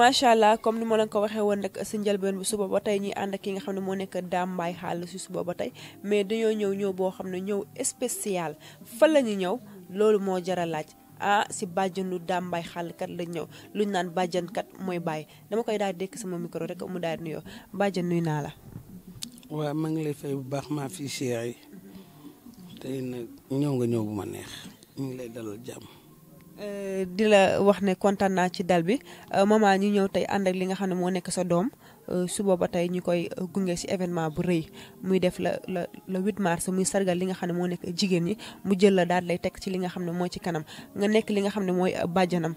macha allah comme ni ma leen ko waxee woon rek si njëlbeen bi suba ba tey ñuy ànd ak ki nga xam ne moo nekk Dame Mbaye xaal si suba ba tey mais dañoo ñëw ñëw boo xam ne ñëw spécial fa la ñu ñëw loolu moo jar laaj ah si bàjjanu Dame Mbaye xaalkat lañ ñëw luñ naan bàjjankat mooy bàyyi dama koy daal dékk sama micro mu daal di nuyoo bàjjan nuyu naa la. maa ngi lay fay bu baax maa fi siyaay tey ñëw nga ñëw bu ma neex ñu ngi lay dalal jàmm. Euh, di la wax ne kontaan naa ci dal bi euh, maman ñu ñëw tey ànd ak li nga xam ne moo nekk sa doom euh, su booba tey ñu koy gunge ci événement bu rëy muy def la la le 8 muy sargal li nga xam ne moo nekk jigéen ñi mu jël la daal lay teg ci li nga xam ne mooy ci kanam nga nekk li nga xam ne mooy bàjjanam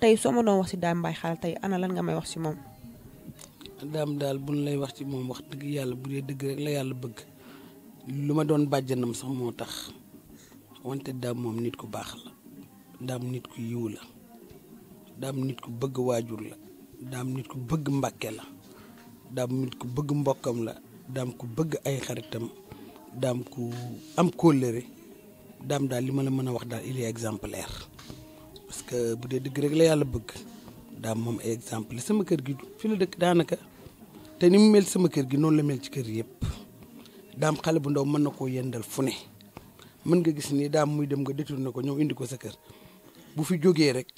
tey soo ma doon wax ci Dame Mbaye tey ana lan nga may wax ci moom. daam daal bu lay wax ci moom wax dëgg yàlla bu dee dëgg la yàlla bëgg lu ma doon bàjjanam sax moo tax wante daam moom nit ku baax la. daam nit ku yiw la daam nit ku bëgg waajur la daam nit ku bëgg mbakke la daam nit ku bëgg mbokkam la daam ku bëgg ay xaritam daam ku am kóllëre daam daal li ma la mën a wax daal il est exemplaire parce que bu dee dëgg rek la yàlla bëgg daam moom ay exemple sama kër gi fi la dëkk daanaka te ni mu mel sama kër gi noonu la mel ci kër yëpp daam xale bu ndaw mën na koo yendal fu ne mën nga gis nii daam muy dem nga détourné ko ñëw indi ko sa kër bu fi jógee rek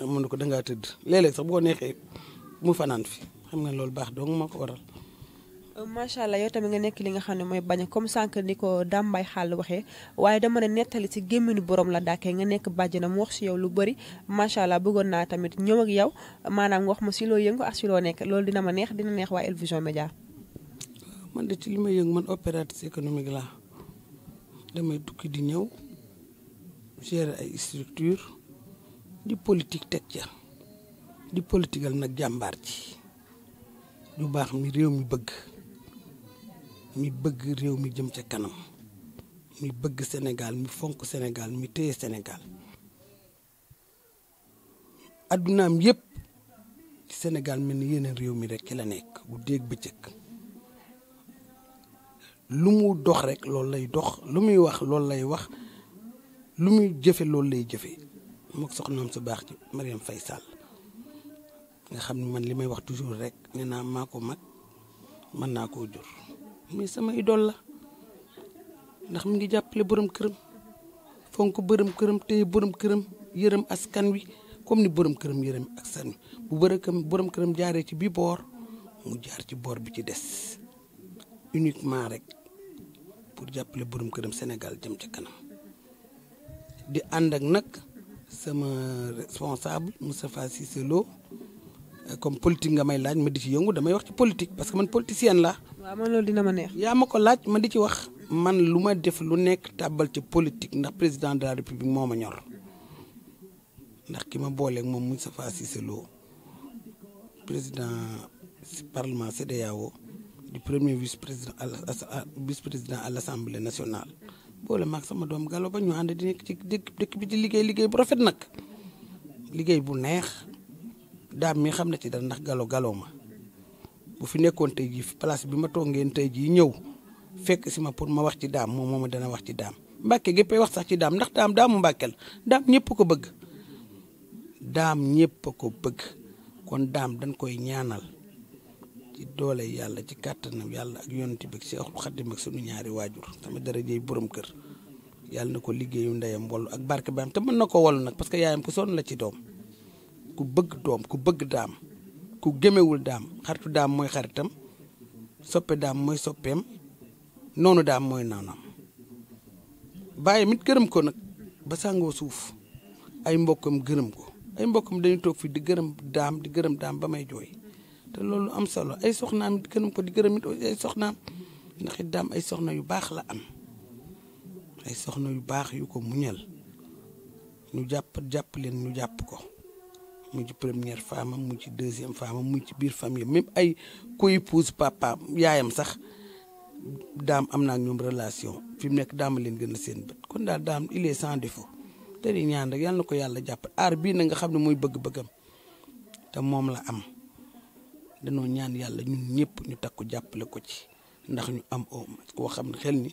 mun na ko dangaa tëdd léeg-léeg sax bu neexee mu fanaan fi xam nga loolu baax dong moo ko waral. macha allah yow tamit nga nekk li nga xam ne mooy bañ comme sànq ni ko dàmbaay xaal waxee waaye dama ne nettali ci gémminu borom la dàkkee nga nekk bàjjana mu wax ci yow lu bëri macha allah bëggoon naa tamit ñëw ak maanaam wax ma ci loo yëngu ak ci loo nekk loolu dina ma neex dina neex waa El Vision Médias. man de ci li ma yëngu man opératrice gi laa damay tukki di ñëw gérer ay structure di politique teg ca di politigal nag jàmbaar ji lu baax mi réew mi bëgg mi bëgg réew mi jëm ca kanam mi bëgg Sénégal mi fonk Sénégal mi téye Sénégal àddunaam yépp senegal Sénégal mel ni yeneen réew mi rek ci la nekk bu dégg bëccëg lu mu dox rek loolu lay dox lu muy wax loolu lay wax lu muy jëfe loolu lay jëfe mok soxnaam su baax ci Mariam Faye nga xam man limay wax toujours rek nee naa maa ko mag mën naa jur mais sama idol la ndax mi ngi jàppale borom kërëm fonk borom kërëm téye borom kërëm yërëm askan wi comme ni borom kërëm yërëm askan wi bu bërëkam borom kërëm jaaré ci bi bor mu jaar ci bor bi ci dess uniquement rek pour borom kërëm Sénégal jëm ci kanam di andak nak. sama responsable Moustapha Cissé Lo euh, comme politique nga may laaj ma di ci yëngu damay wax ci politique parce que man politicien la waaw man loolu dina ma neex. yaa ma ko laaj ma di ci wax. man lu ma def lu nekk tàbbal ci politique ndax président de la république moo ma ñor ndax ki ma booleeg moom Moustapha Cissé Lo président si parlement CDAO du premier vice président vice président à l' assemblée nationale. boole maag sama doom galo ba ñu ànd di nekk ci dëkk bi di liggéey liggéey bu rafet nag liggéey bu neex daam mi xam na ci dara ndax galo galo ma bu fi nekkoon tey jii place bi ma toog ngeen tey jii ñëw fekk si ma pour ma wax ci daam moom moom dana wax ci daam mbàkke géppay wax sax ci daam ndax daam daamu mbàkke la daam ñëpp ko bëgg daam ñëpp ko bëgg kon daam dañ koy ñaanal ci doole yàlla ci kàttanam yàlla ak yonent bi ak Seexul Xaadim ak sunu ñaari waajur tamit darajey borom kër yàlla na ko liggéeyu ndeyam wallu ak barke baam te mën na ko wallu nag parce que yaayam ku sonn la ci doom ku bëgg doom ku bëgg daam ku gémewul daam xaritu daam mooy xaritam soppe daam mooy soppeem noonu daam mooy noonam bàyyi mit gërëm ko nag ba sàngoo suuf ay mbokkam gërëm ko ay mbokkam dañu toog fii di gërëm daam di gërëm daam ba may jooy te loolu am solo ay soxnaam it gënum gërëm it ay soxnaam ndax it daam ay soxna yu baax la am ay soxna yu baax yu ko muñal ñu jàpp jàpp leen ñu jàpp ko mu ci première femme mu ci deuxième femme mu ci biir famille même ay co-épouse papa yaayam sax daam am naa ak ñoom relation fi mu nekk daama leen gën a seen bët kon daal daam il est sans défaut te di ñaan rek yàlla na ko yàlla jàpp aar bii na nga xam ne mooy bëgg-bëggam te moom la am. danoo ñaan yàlla ñun ñépp ñu takku jàppale ko ci ndax ñu am oo koo xam ne xel ni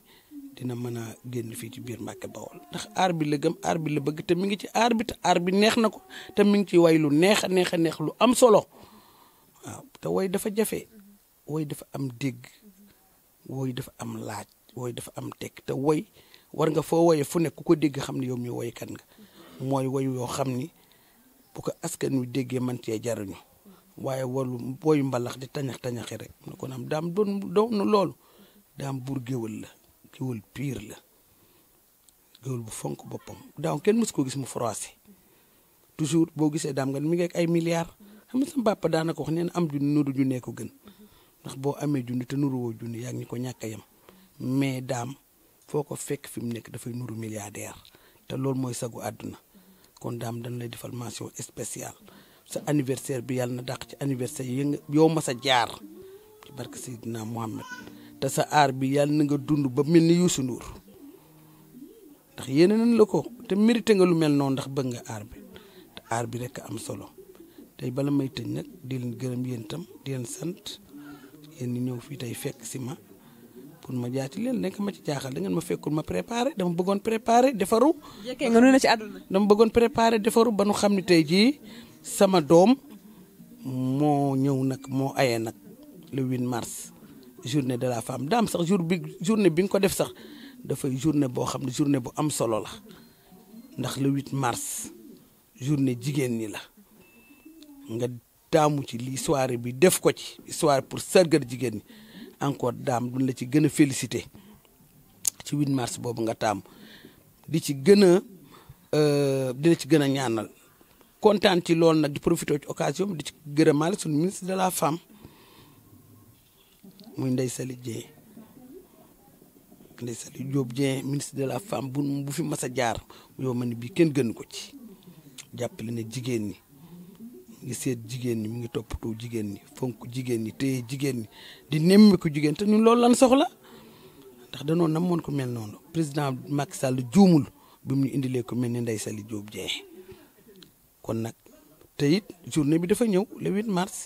dina mën a génn fii ci biir Mbàkke Bawol ndax aar bi la gëm aar bi la bëgg te mi ngi ci aar bi te aar bi neex na ko te mi ngi ci way lu neex a neex a neex lu am solo waaw te woy dafa jafe woy dafa am dégg woy dafa am laaj woy dafa am tekk te woy war nga foo woyee fu nekk ku ko dégg xam ne yow mi woykat nga mooy woy yoo xam ni bu ko askan wi déggee man cee jaruñu waye walu boy mbalax di tanax tanax rek mu ko nam dam don dow na loolu daam buur géwal la wul piir la géwal bu fonk bopam daw ken musko gis mu froissé toujours bo gisee dam nga mi ngi ak ay milliards xam sa sama papa daana wax neen am junni nuru junne ko gën ndax bo amé junni te nuru wo junni yaa ngi ko ñàkk mais dam foko fekk fim nek da fay nuru milliardaire te lol moy sagu aduna kon dam dañ lay defal mention spéciale sa anniversaire bi yalla na dak ci anniversaire yi ma sa jaar ci barke sayyidina muhammad ta sa ar bi yalla na nga dund ba melni ni nur ndax yéene nan lako te mérité nga lu mel non ndax bëgg nga ar bi te ar bi rek am solo tay bala may teñ nak di len gërëm yeen tam di len sant yeen ñi ñëw fii tey fekk ci ma pour ma jaati len nek ma ci jaaxal da ngeen ma fekkul ma préparer dama bëggon préparer defaru. yeke nga nu na ci prepare, dama bëggon préparer defaru ba nu xam ne ji sama doom moo ñëw nag moo aye nag le 8 mars journée de la femme daam sax jour bi journée bi nga ko def sax dafay journée boo xam ne journée bu am solo la ndax le 8 mars journée jigéen ñi la nga taamu ci lii soirée bi def ko ci soirée pour sargal jigéen ñi encore daam duñ la ci gën a félicité ci 8 mars boobu nga taamu di ci gën a euh, dina ci gën a ñaanal kontaan ci loolu nag di profité ci occasion di ci gërëmaale suñu ministre de la femme mu Ndeye Saly Dieng Ndeye Saly Diop ministre de la femme bu bu fi mas a jaar yow ma ne bii kenn gënu ko ci jàppale ne jigéen ñi mu ngi seet jigéen ñi mu ngi toppatoo jigéen ñi fonk jigéen ñi téye jigéen ñi di nemmeeku jigéen te ñun loolu lan soxla ndax danoo moon ko mel noonu président Macky Sall juumul bi mu ñu indilee ko mel ni Ndeye Saly Diop Dieng. kon nag te it journée bi dafa ñëw le 8 mars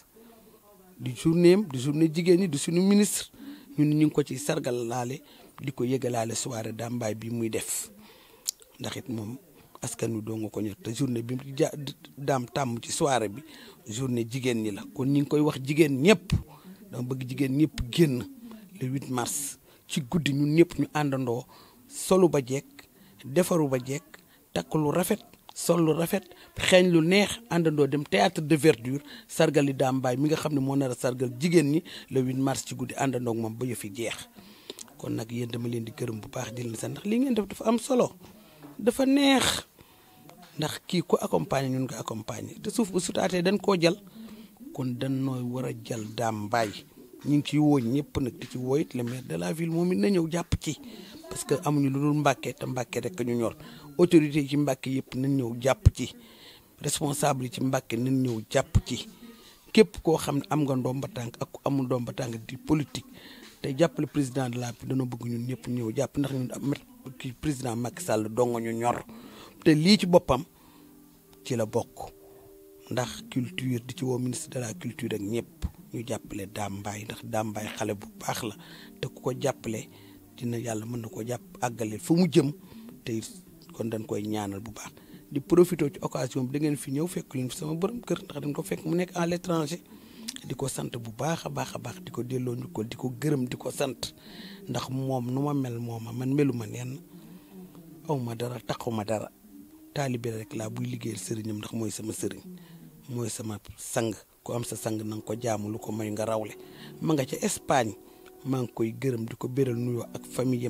di journée di journée jigéen ñi di suñu ministre ñun ñu ngi ko ci sargal laale di ko yëgalaale soirée Dàmbaay bi muy def ndax it moom askan wi doo nga ko ñor te journée bi ja daam tàmm ci soirée bi journée jigéen ñi la kon ñu ngi koy wax jigéen ñëpp dama bëgg jigéen ñëpp génn le 8 mars ci guddi ñun ñëpp ñu àndandoo solu ba jekk defaru ba jekk takk lu rafet. sol lu rafet xeeñ lu neex àndandoo dem théâtre de verdure sargali Dame Mbaye mi nga xam ne moo nar a sargal jigéen ñi le 8 mars ci guddi àndandoo moom ba yëf fi jeex kon nag yéen dama leen di gërëm bu baax di leen sant ndax li ngeen dafa am solo dafa neex ndax kii ku accompagner ñun ko accompagner te suuf bu sutaatee dañ koo jal kon dañ nooy war a jal Dame Mbaye ñu ngi ciy woo ñëpp nag di ci woo it le de la ville moom it na ñëw jàpp ci parce que amuñu lu dul Mbàkke te ñu ñor autorité yi ci Mbàkke yëpp nañ ñëw jàpp ci responsable yi ci Mbàkke nañ ñëw jàpp ci képp koo xam ne am nga ndomba tànk ak ku amul ndomba tànk di politique te jàppale président de la République dana bëgg ñun ñëpp ñëw jàpp ndax ñun ki président Macky Sall dongo ñu ñor te lii ci boppam ci la bokk ndax culture di ci woo ministre de la culture ak ñëpp ñu jàppale Dame Mbaye ndax Dame Mbaye xale bu baax la te ku ko jàppale dina yàlla mën na ko jàpp àggale fu mu jëm te kon dañ koy ñaanal bu baax di profité ci occasion bi da ngeen fi ñew fekk ñu sama borom kër ndax dañ ko fekk mu nekk à l'étranger di sante bu baax a baax a baax di ko delloo njukkal di ko gërëm di ko sant ndax moom nu ma mel mooma man meluma nenn aw ma dara taxaw ma dara taalibe rek laa buy liggéeyal sëriñam ndax mooy sama sëriñ mooy sama sang ku am sa sang na nga ko jaamu lu ko may nga rawle ma nga ca Espagne maa ngi koy gërëm di ko béral nuyoo ak famille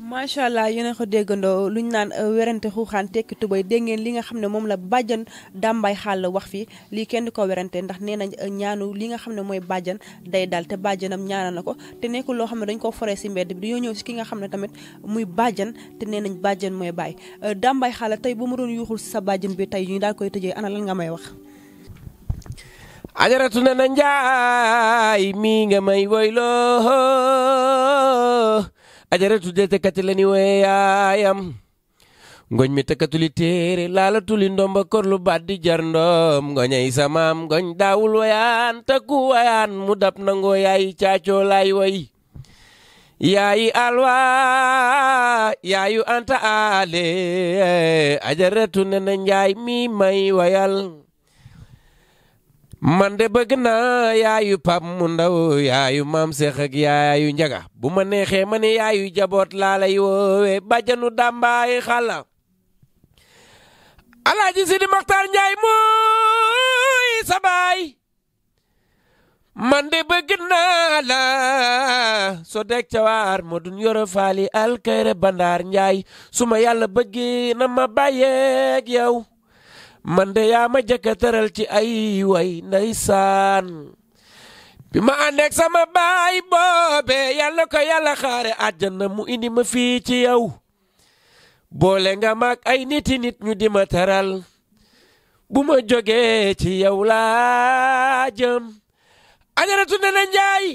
macha allah yéen a déggandoo lu ñu naan euh, werante xaan tekki tubay dégg ngeen li nga xam ne moom la bàjjan dàmbaay xaal wax fi lii kenn di ko werante ndax nee nañ euh, ñaanu li nga xam ne mooy bàjjan day daal te bàjjanam ñaana na ko te nekkul loo xam ne dañ ko foree si mbedd bi dañoo ñëw si ki nga xam ne tamit muy bàjjan te nee nañ bàjjan mooy bàyyi dàmbaay euh, xaal tey ba mu doon yuuxul si sa bàjjan bi tey ñu daal koy tëjee ana lan nga may wax ajaratu mi nga may woyloo ajaratu de tëkkati la ni wee yaayam ngoñ mi tëkkatuli téere laalatuli ndomba korlu baat di jar ndoom ngoñay samaam ngoñ daawul wayaan takku wayaan mu dab nangoo yaayi caacoo laay way yaayi alwa yaayu anta aale ajaratu ne na njaay mi may wayal man de bëgg naa yaayu pap mu ndaw yaayu maam seex yaayu njaga bu ma neexee ma ne yaayu jaboot laa lay woowe bàjjanu dàmbaay xala alaaji sidi maxtaar njaay mooy sa man de bëgg naa la so deg cawaar moo dun yoro faali alkayre bandaar njaay su ma yàlla bëgg na ma bàyyeeg yow man de yaa ma jëkka tëral ci ay way ndeysaan bi ma àndeek sama baay boobe yàlla ko yàlla xare àjjana mu indi ma fii ci yow boole nga maag ay niti nit ñu di ma tëral bu ma jógee ci yow laa jëm ajaratu ne na njaay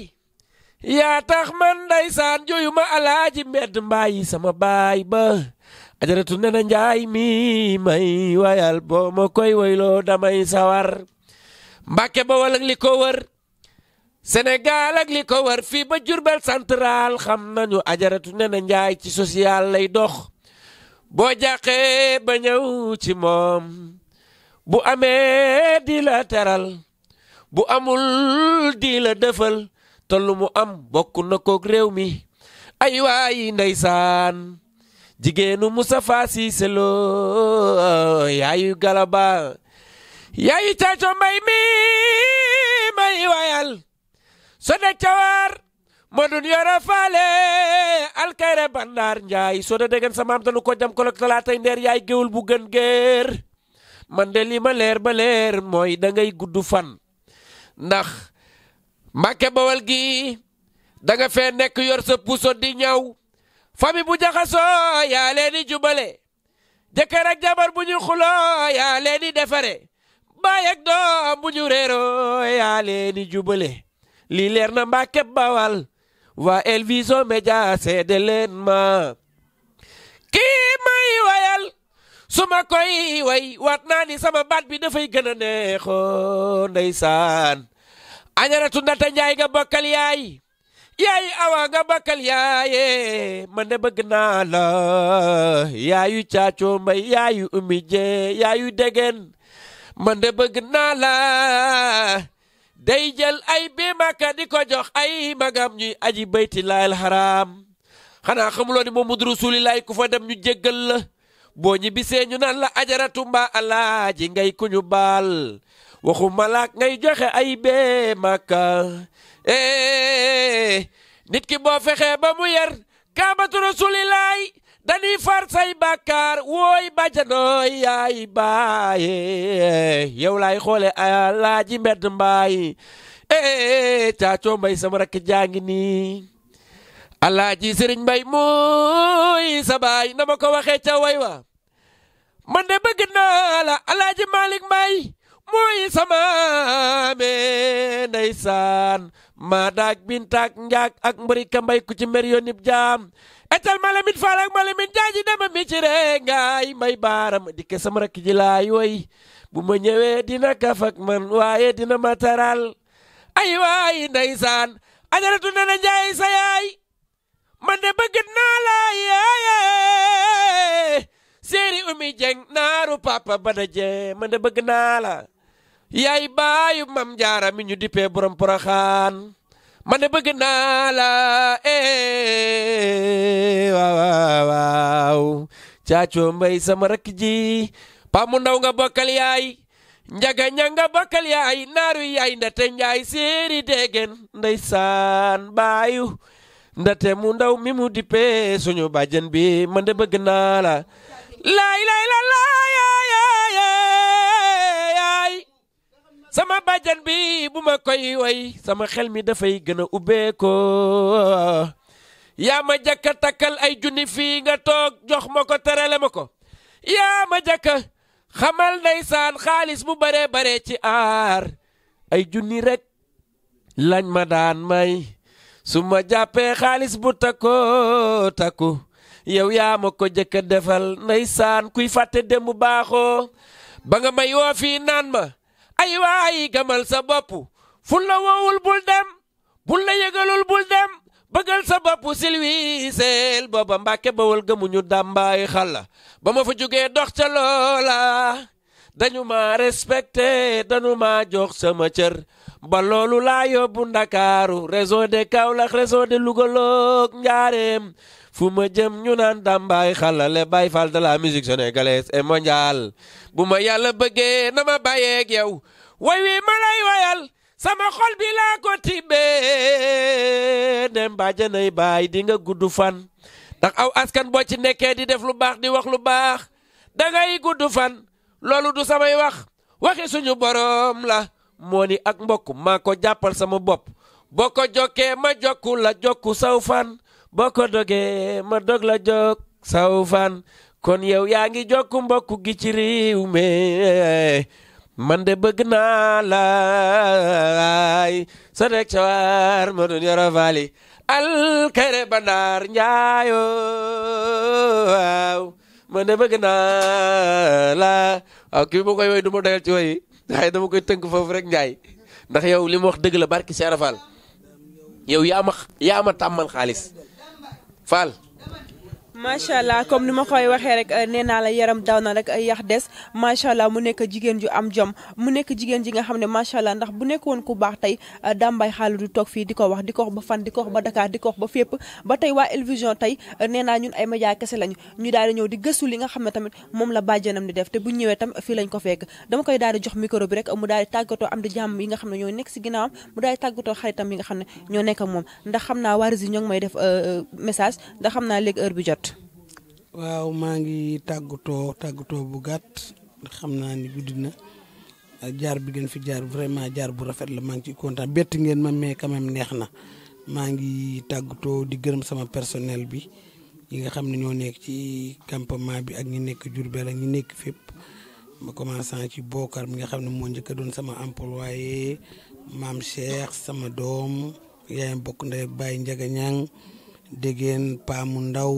yaa tax man ndeysaan joyu ma alaaji mbedd mbaayi sama baay ba ajaratu nena njaay mi may wayal boo ma koy woyloo damay sawar mbàkke bawal ak li ko wër li ko fii ba jurbal central xam nañu ajara ajaratu nena njaay ci social lay dox boo jàqee ba ñëw ci moom bu amee di bu amul di la dëfal mu am bokk na koog réew mi ay waayi ndeysaan jigenu musa fasi ya yayu Galaba yayu caaco mbay mi may wayal sode cawaar modun fale al alkayre bandar njaay sode degen sa maam danu ko jam kolok talaatay inder yaay géwul bu gën géer man de li ma leer ba leer mooy da ngay fan ndax Bawal gi da nga yor sa fami bu jaxasoo yaa jubale jëkkër ak jabar bu ñu xuloo yaa leen defare baay ak doom bu ñu réeroo yaa jubale lii leer na Mbàkke Bawal waa El Vision Médias ma kii may wayal su koy way waat naa sama baat bi dafay gën a neexoo ndeysaan añaratu ndata njaay nga bokkal yaay yaayu awa nga bakkal yaaye man de bëgg naa la yaayu caacoo mbay yaayu ummi jee yaayu degen man de bëgg day jal ay bi màkka di ko jox ay magam ñuy aji bayti laayal xanaa xamuloo ni moom mudu rasulilaay ku fa dem ñu jéggal la boo ñibbisee ñu naan la ajaratu mbaa ji ngay ku ñu baal waxu malaak ngay joxe ay bee màkka Eh, nit ki boo fexee ba mu yer kaabatu rasulilaay dañuy far say bàkkaar wooy bàjjanooy yaay baaye yow laay xoole alaaji mbedd mbaay eh, caacoo mbay sama rakk jaa ngi nii alaaji sëriñ mbay mooy sa baay na ma ko waxee ca way wa man bëgg naa la alaaji malik mbay mooy sama maame ndeysaan madak bintak njak ak mbari kambay ku ci mer yonib jam etal malamin fal ak malamin jaaji dama mi ci ngay may baram ke sam rek ji lay way bu ma ñewé dina man waye dina ma taral ay ndaysan adara tu nana njaay sa yaay man de bëgg na la seri umi jeng naaru papa bada je man de bëgg na la Yai bayu mam jara mi ñu dippee borom poroxaan man de bëgg naa la eh waaw waaw caacoo mbay sama rakk ji pa mu ndaw nga bokkal njaga ñanga bokkal yaay Naru yaay ndate degen ndeysaan bayu. ndate mu ndaw mi mu Sunyu suñu bi man de bëgg lai la la sama bàjjan bi bu ma koy woy sama xel mi dafay gën a ubbeekoo yaa ma jàkka takkal ay junni fii nga toog jox ma ko terale ma ko yaa ma jàkka xamal ndeysaan xaalis bu baree baree ci aar ay junni rek lañ ma daan may su ma jàppee xaalis bu takkoo takku yow yaa ma ko jëkka defal ndeysaan kuy fàtte démb baaxoo ba nga may woo fii naan ma ay waay gëmal sa bopp fu la wowul bul dem bul la yëgalul bul dem bëggal sa bopp silwiiseel booba mbàkke bawal gëmuñu dàmbaay xalla ba ma fa jógee dox ca loola dañu ma respecté dañu ma jox sama cër ba loolu laa yóbbu ndakaaru réseau de Kaolack réseau de njaareem fu ma jëm ñu naan dàmbaay xalale Baay Faal de la musique sénégalaise et mondiale bu ma yàlla bëggee na ma bàyyeeg yow way wi ma wayal sama xol bi laa ko tibbee dem bàjjanay baay di nga gudd fan ndax aw askan boo ci nekkee di def lu baax di wax lu baax dangay gudd fan loolu du samay wax waxi suñu boroom la moo ni ak mbokk maa ko jàppal sama bopp boo jokkee ma jokku la jokku saw fan boo ko dogee ma dog la saw fan kon yow yaa ngi jokk mbokk gi ci réew mi man de bëgg naa laay sa dek cawaar ma dun yoro faali alkere bandaar njaayo waaw man de bëgg naa la waaw kii bu ma du ma doyal ci woy waaye dama koy tënk foofu rek njaay ndax yow li ma wax dëgg la barki Cheikh Fall yow yaa ma yaa ma Fal. macha allah comme ni ma koy waxee rek euh, nee naa la yaram daw na rek euh, yax des macha allah mu nekk jigéen ju am jom mu nekk jigéen ji nga xam ne macha allah ndax bu nekk woon ku baax tey euh, dambay xaalu du toog fii di wax di ko ba fan di ba Dakar di ko ba fépp ba tey waa Elvision tey nee naa ñun ay média kese lañu ñu daal di ñëw di gëstu li nga xam ne tamit moom la bàjjanam di def te bu ñëwee tam fii lañ ko fekk dama koy daal di jox micro bi rek mu daal di tàggatoo am di jàmm yi nga xam ne ñoo nekk si ginnaawam mu daal di tàggatoo xaritam yi nga xam ne ñoo nekk moom ndax xam naa waa Rési ngi may def message ndax xam naa léegi heure jot waaw maa ngi taguto bugat, bu gàtt xam naa ni guddi na jaar bi gën fi jaar vraiment jaar bu rafet la maa ngi ciy ngeen ma mais quand même neex na maa di gërëm sama personnel bi yi nga xam ne ñoo nekk ci campement bi ak ñi nekk Diourbel ak ñi nekk fépp ma commençant ci bokar mi nga xam ne moo doon sama employé maam Cheikh sama doom yaayam bokk ndey Baye Njaga Ñang déggeen paamu ndaw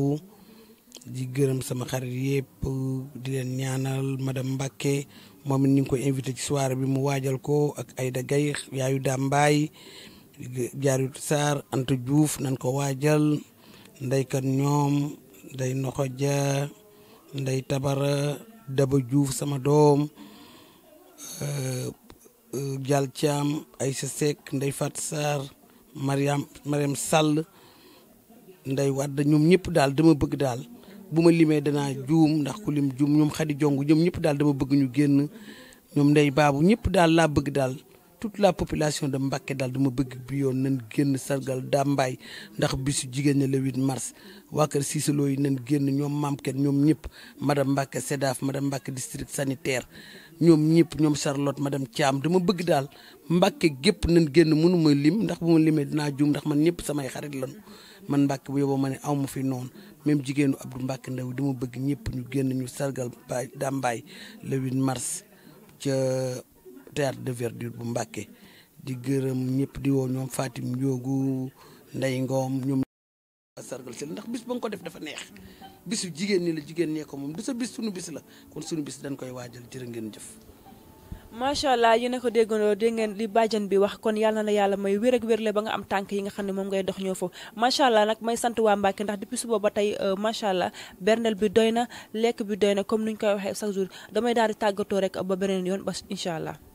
di gërëm sama xarit yépp di leen ñaanal madame Mbacke moom ni ngi ko invité ci soirée bi mu waajal ko ak Aïda gay yaayu Dambaay Jaarut Sarr Diouf nan ko waajal ndeykat ñoom nday ja nday Tabara Daba Diouf sama doom Jal euh, euh, Thiam Aïssa sek nday Fat sar Mariam Mariam Sall nday Wade ñoom ñep dal dama bëgg dal bu ma limee danaa juum ndax ku lim juum ñoom xadi jong ñoom ñëpp daal dama bëgg ñu génn ñoom ndey baabu ñëpp daal laa bëgg daal toute la population de Mbacké daal dama bëgg bi yoon nan génn sargal daa mbaay ndax bisu jigéen ñi le 8 mars waa kër Cissolo yi nañ génn ñoom mamket ñoom ñëpp madame Mbacké SEDAF madame Mbacké district sanitaire ñoom ñëpp ñoom Charlotte madame Thiam dama bëgg daal Mbacké gépp nañ génn mënuma lim ndax bu ma limee dinaa juum ndax man ñëpp samay xarit lañu man Mbacké bu yóbboo ma ne aw fi noonu même jigéenu Abdou Mbacke Ndaw dama bëgg ñëpp ñu génn ñu sargal Baye Dambaay le 8 mars ca théâtre de verdure bu Mbacke di gërëm ñëpp di woo ñoom faatim Ndiogu Ndey Ngoom ñoom sargal si la ndax bis ba nga ko def dafa neex bisu jigéen ñi la jigéen ñee ko moom du sa bis sunu bis la kon sunu bis dañ koy waajal jërë ngeen jëf macha allah yi ne ko déggandoo dégg ngeen li bàjjan bi wax kon yàlla na yàlla may wér ak wérle ba nga am tànk yi nga xam ne moom ngay dox ñoo foofu macha allah nag may sant waa Mbacke ndax depuis suba ba tey euh, macha allah berndeel bi doy na lekk bi doy na comme ni ñu koy waxee chaque jour damay daal di tàggatoo rek ba beneen yoon ba incha